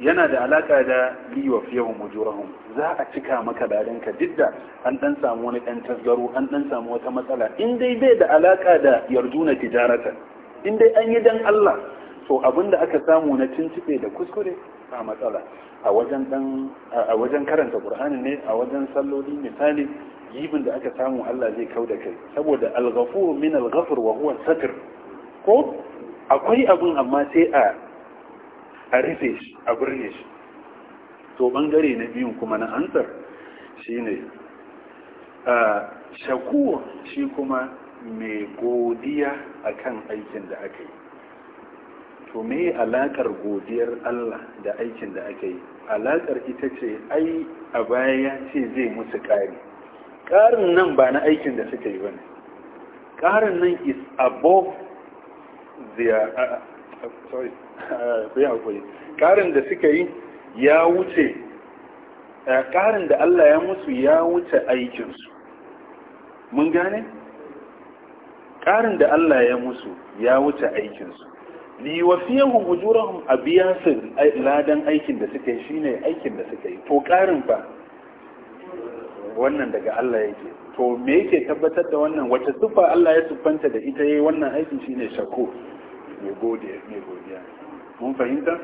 S1: yana da alaka da liwa wa mujurahum za a cika maka ladanka duk da an dan samu wani dan tasgaro an dan samu wata matsala in dai bai da alaka da yarduna tijarata in dai an yi dan Allah to abinda aka samu na tuntube da kuskure a matsala a wajen dan a wajen karanta Qur'ani ne a wajen salloli misali yibin da aka samu Allah zai kau da kai saboda al-ghafur min al-ghafr wa huwa satr ko akwai abun amma sai a a rufe shi a birne shi to bangare na biyun kuma na ansar shine shakuwa shi kuma mai godiya akan aikin da aka yi to me alakar godiyar Allah da aikin da aka yi alakar ita ce ai a baya ya ce zai musu ƙari ƙarin nan ba na aikin da suka yi ba ne ƙarin nan is above sorry ku yi haƙuri ƙarin da suka yi ya wuce eh, ƙarin da Allah ya musu ya wuce aikinsu mun gane? ƙarin da Allah ya musu ya wuce aikinsu liwafiyahum ujurahum a biya su ladan aikin da suka yi shine aikin da suka yi to ƙarin ba wannan daga Allah yake to me yake tabbatar da wannan wata siffa Allah ya siffanta da ita yi wannan aikin shine shako mai gode mai godiya mun fahimta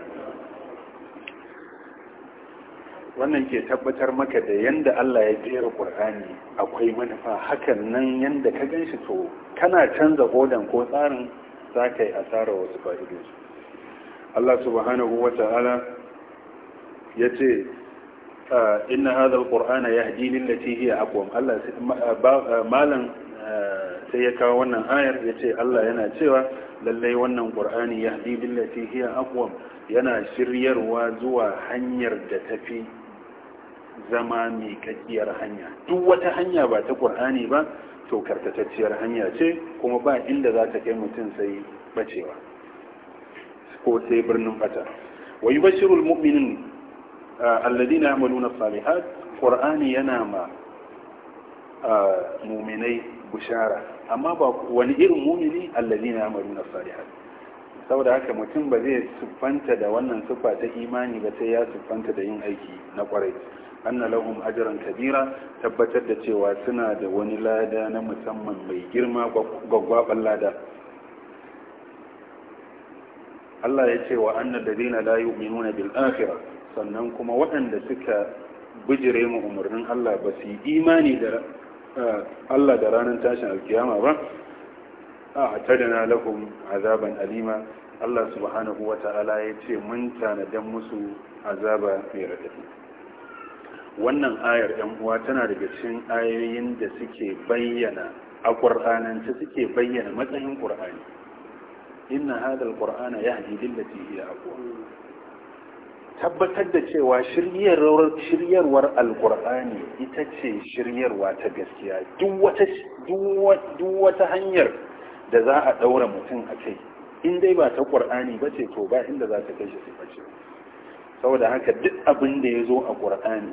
S1: wannan ke tabbatar maka da yanda Allah ya jera Qur'ani akwai manufa hakan nan yanda ka ganshi to kana canza godan ko tsarin ka yi asara wasu fa'idoji Allah subhanahu wa ta'ala ce ah, inna hadha alqur'ana yahdi lillati hiya aqwam Allah ah, sai ya kawo wannan ayar Ya ce Allah yana cewa lallai wannan qur'ani yahdi billati hiya aqwam yana shiryarwa zuwa hanyar da tafi zama mai kakkiyar hanya duk wata hanya ba ta qur'ani ba to karkatacciyar hanya ce kuma ba inda za ta kai mutum sai bacewa ko sai birnin fata wa yubashirul mu'minin alladina yamaluna salihat qur'ani yana ma muminai bishara amma ba wani irin mumini allazina amaluna salihat saboda haka mutum ba zai siffanta da wannan siffa ta imani ba sai ya siffanta da yin aiki na kwarai anna lahum ajiran kabira tabbatar da cewa suna da wani lada na musamman mai girma gwaggwaban lada Allah ya ce wa anna ladina la yu'minuna bil akhirah sannan kuma waɗanda suka bijire mu umarnin Allah ba su imani da Eh, Allah da ranar tashin alkiyama ba a tadana lahum azaban alima Allah subhanahu wa ta'ala ya ce mun tanadan musu azaba mai radadi wannan ayar yan uwa tana daga cikin ayoyin da suke bayyana a ƙur'anance suke bayyana matsayin ƙur'ani inna hadha al ya yahdi lillati ya aqwam tabbatar da cewa shiryarwar alkur'ani ita ce shiryarwa ta gaskiya duk wata hanyar da za a ɗaura mutum a kai in dai ba ta ƙur'ani ba ce to ba inda za ta kai shi su saboda haka duk abin da ya zo a ƙur'ani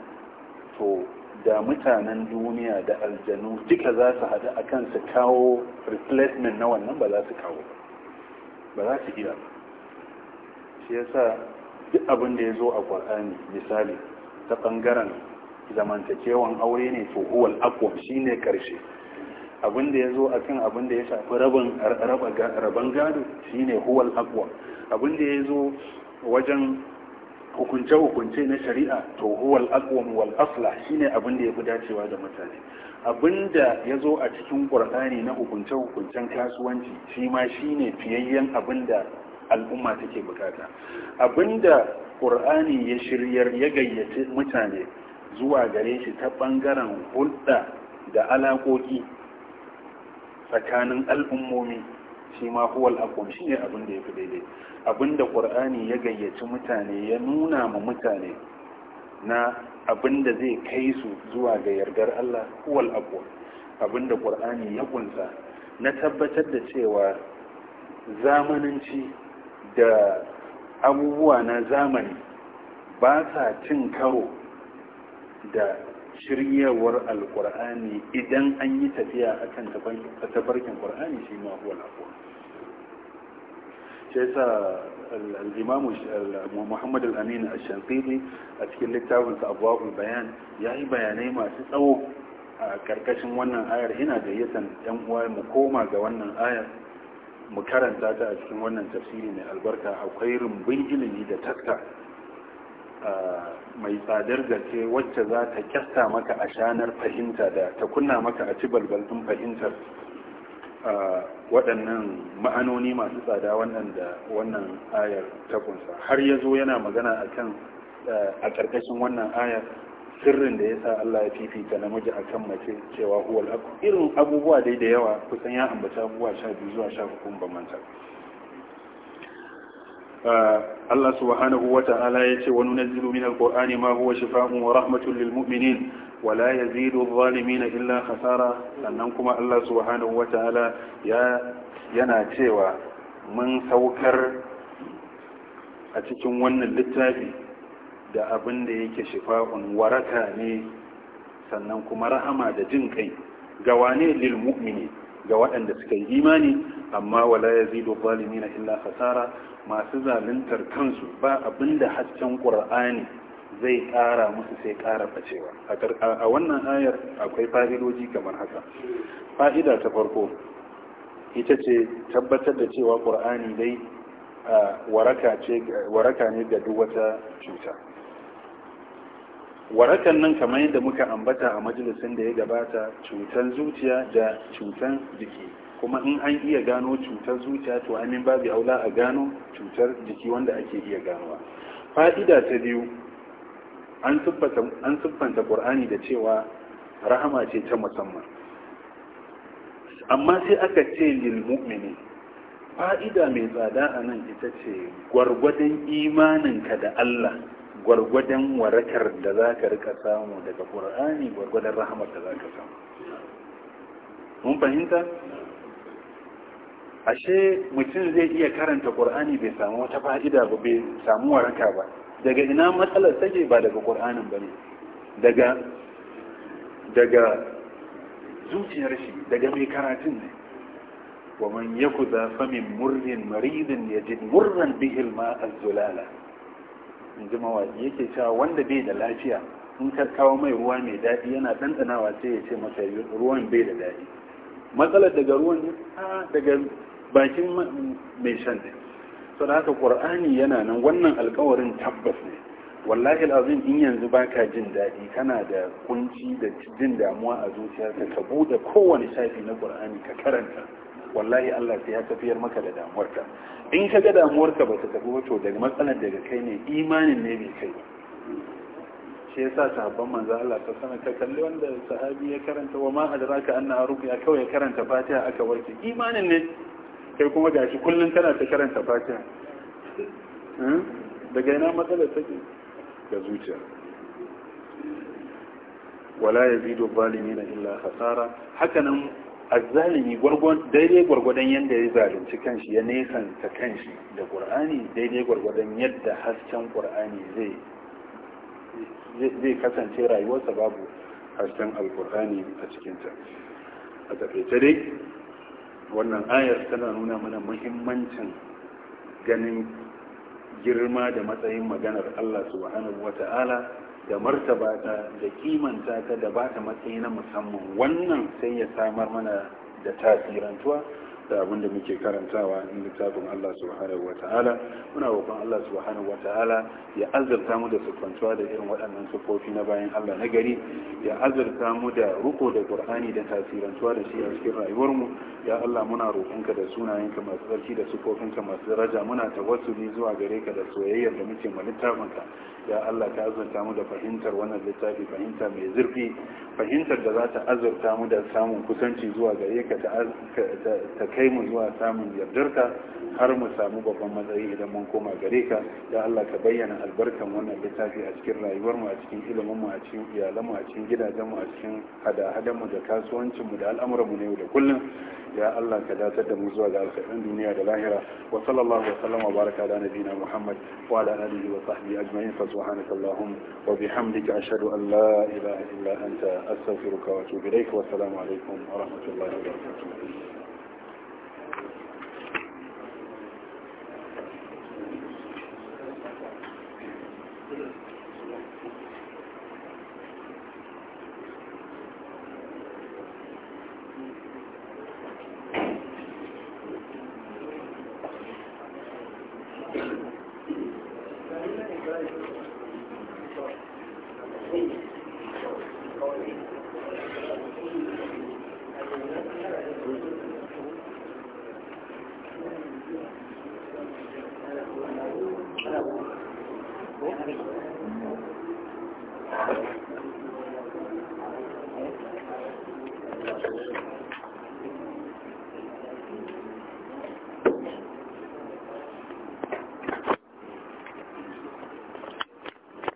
S1: to da mutanen duniya da aljanu duka za su haɗu a kan su kawo replacement na wannan ba za su kawo ba za su iya shi yasa duk abin da ya zo a ƙwar'ani misali ta ɓangaren zamantakewan aure ne to huwal akwam shi ne ƙarshe abin da ya zo a abin da ya shafi rabin gado shi ne huwal akwam abin da ya zo wajen hukunce-hukunce na shari'a to huwal akwam wal asla shi ne abin da ya fi dacewa da mutane abin da ya zo a cikin ƙwar'ani na hukunce-hukuncen kasuwanci shi ma shi ne fiyayyen abin da al'umma take bukata abinda ƙur'ani ya shiryar ya gayyaci mutane zuwa gare shi ta ɓangaren hulɗa da alaƙoƙi tsakanin al'ummomi shi ma huwal akwam shi ne abin da ya fi daidai abin da ƙur'ani ya gayyaci mutane ya nuna ma mutane na abin da zai kai su zuwa ga yardar Allah huwal akwam abin da ƙur'ani ya ƙunsa, na tabbatar da cewa zamananci da abubuwa na zamani ba sa cin karo da shiryewar alkur'ani idan an yi tafiya kan tafarkin kur'ani shi ma huwa lafuwa shi yasa sa imam Muhammadu al-Amin a cikin littafin sa Abwaabul Bayan yi bayanai masu tsawo a karkashin wannan ayar ina gayyatan yan uwa mu koma ga wannan ayar mu karanta ta a cikin wannan tafsiri mai albarka akwai rumbun ilimi da taska mai tsadar gaske wacce za ta kyasta maka a shanar fahimta da ta kunna maka a ci balbalin fahimtar waɗannan ma'anoni masu tsada da wannan ayar ta kunsa har ya zo yana magana a kan a ƙarƙashin wannan ayar sirrin da ya sa Allah ya fifita namiji akan mace cewa huwal aku irin abubuwa dai da yawa kusan ya ambaci abubuwa sha biyu zuwa sha hukun ban manta ah, Allah subhanahu wa ta'ala ya ce wani nazilu min alqur'ani ma huwa shifaa'un wa rahmatun lil mu'minin wa la yazidu adh illa khasara sannan kuma Allah subhanahu wa ta'ala ya yana cewa mun saukar a cikin wannan littafi da abin da yake shifa'un waraka ne sannan kuma rahama da jin kai ga wane lil mu'mini ga waɗanda suka yi imani amma wala yazidu na illa fasara, masu zaluntar kansu ba abin da hasken qur'ani zai ƙara musu sai ƙara bacewa a wannan ayar akwai fa'idoji kamar haka fa'ida ta farko ita ce tabbatar da cewa ƙur'ani dai waraka ne ga duk wata cuta warakan nan kamar yadda muka ambata a majalisin da ya gabata cutar zuciya da cutar jiki kuma in an iya gano cutar zuciya to amin babu aula a gano cutar jiki wanda ake iya ganowa fa'ida ta biyu an siffanta ƙur'ani da cewa rahama ce ta musamman amma sai aka ce mumini fa'ida mai tsada a nan ita ce gwargwadon imaninka da Allah gwargwadon warakar da za ka rika samu daga ƙur'ani gwargwadon rahamar da za ka samu mun fahimta ashe mutum zai iya karanta ƙur'ani bai samu wata fa'ida ba bai samu waraka ba daga ina matsalar take ba daga ƙur'anin ba ne daga daga zuciyar shi daga mai karatun ne ومن يكذا فمن مر murran يجد مرا به الماء الزلالا in ji mawaƙi yake cewa wanda bai da lafiya in ka kawo mai ruwa mai daɗi yana ɗanɗanawa sai ya ce maka ruwan bai da daɗi matsalar daga ruwan ne daga bakin mai shan ne so da haka ƙur'ani yana nan wannan alkawarin tabbas ne wallahi alazim in yanzu baka jin daɗi kana da kunci da jin damuwa a zuciyarka ka buɗe kowane shafi na ƙur'ani ka karanta wallahi Allah sai ya tafiyar maka da damuwarka in ka ga damuwarka ba ta tafi wato daga matsalar daga kai ne imanin ne mai kai ba shi yasa sahabban manzo Allah ta sanar ka kalli wanda sahabi ya karanta wa ma adraka anna ruqya kawai ya karanta Fatiha aka warke imanin ne kai kuma gashi kullun kana ta karanta Fatiha hmm? daga ina matsalar take ga zuciya wala balimi da illa khasara hakanan azzalimi daidai gwargwadon yadda ya zalunci kanshi ya nesanta kanshi da ƙur'ani daidai gwargwadon yadda hasken ƙur'ani zai kasance rayuwarsa babu hasken alƙur'ani a cikinta a taƙaice dai wannan ayar tana nuna mana muhimmancin ganin girma da matsayin maganar allah subhanahu wata'ala da martaba ta da kimanta ta da ba ta matsayi na musamman wannan sai ya samar mana da tasirantuwa da abin da muke karantawa in littafin Allah subhanahu wa ta'ala muna roƙon Allah subhanahu wa ta'ala ya azurta mu da sufantuwa da irin waɗannan sufofi na bayan Allah na gari ya azurta mu da ruko da Qur'ani da tasirantuwa da shi a cikin rayuwar mu ya Allah muna roƙonka da ka masu tsarki da ka masu daraja muna tawassuli zuwa gare ka da soyayyar da muke ma littafinka ya Allah ka azurta mu da fahimtar wannan littafi fahimta mai zurfi fahimtar da za ta azurta mu da samun kusanci zuwa gare ka ta kai mu zuwa samun yardarka har mu samu babban matsayi idan mun koma gare ka ya Allah ka bayyana albarkan wannan littafi a cikin rayuwar mu a cikin ilimin mu a cikin iyalan mu a cikin gidajen mu a cikin hada-hadan mu da kasuwancin mu da al'amuran mu na yau da kullum ya Allah ka datar da mu zuwa ga alkhairin duniya da lahira wa sallallahu wa sallam wa baraka ala nabiyina Muhammad wa ala alihi wa sahbihi ajma'in fa subhanaka allahumma wa bihamdika ashhadu an la ilaha illa anta astaghfiruka wa atubu ilaik wa assalamu alaikum wa rahmatullahi wa barakatuh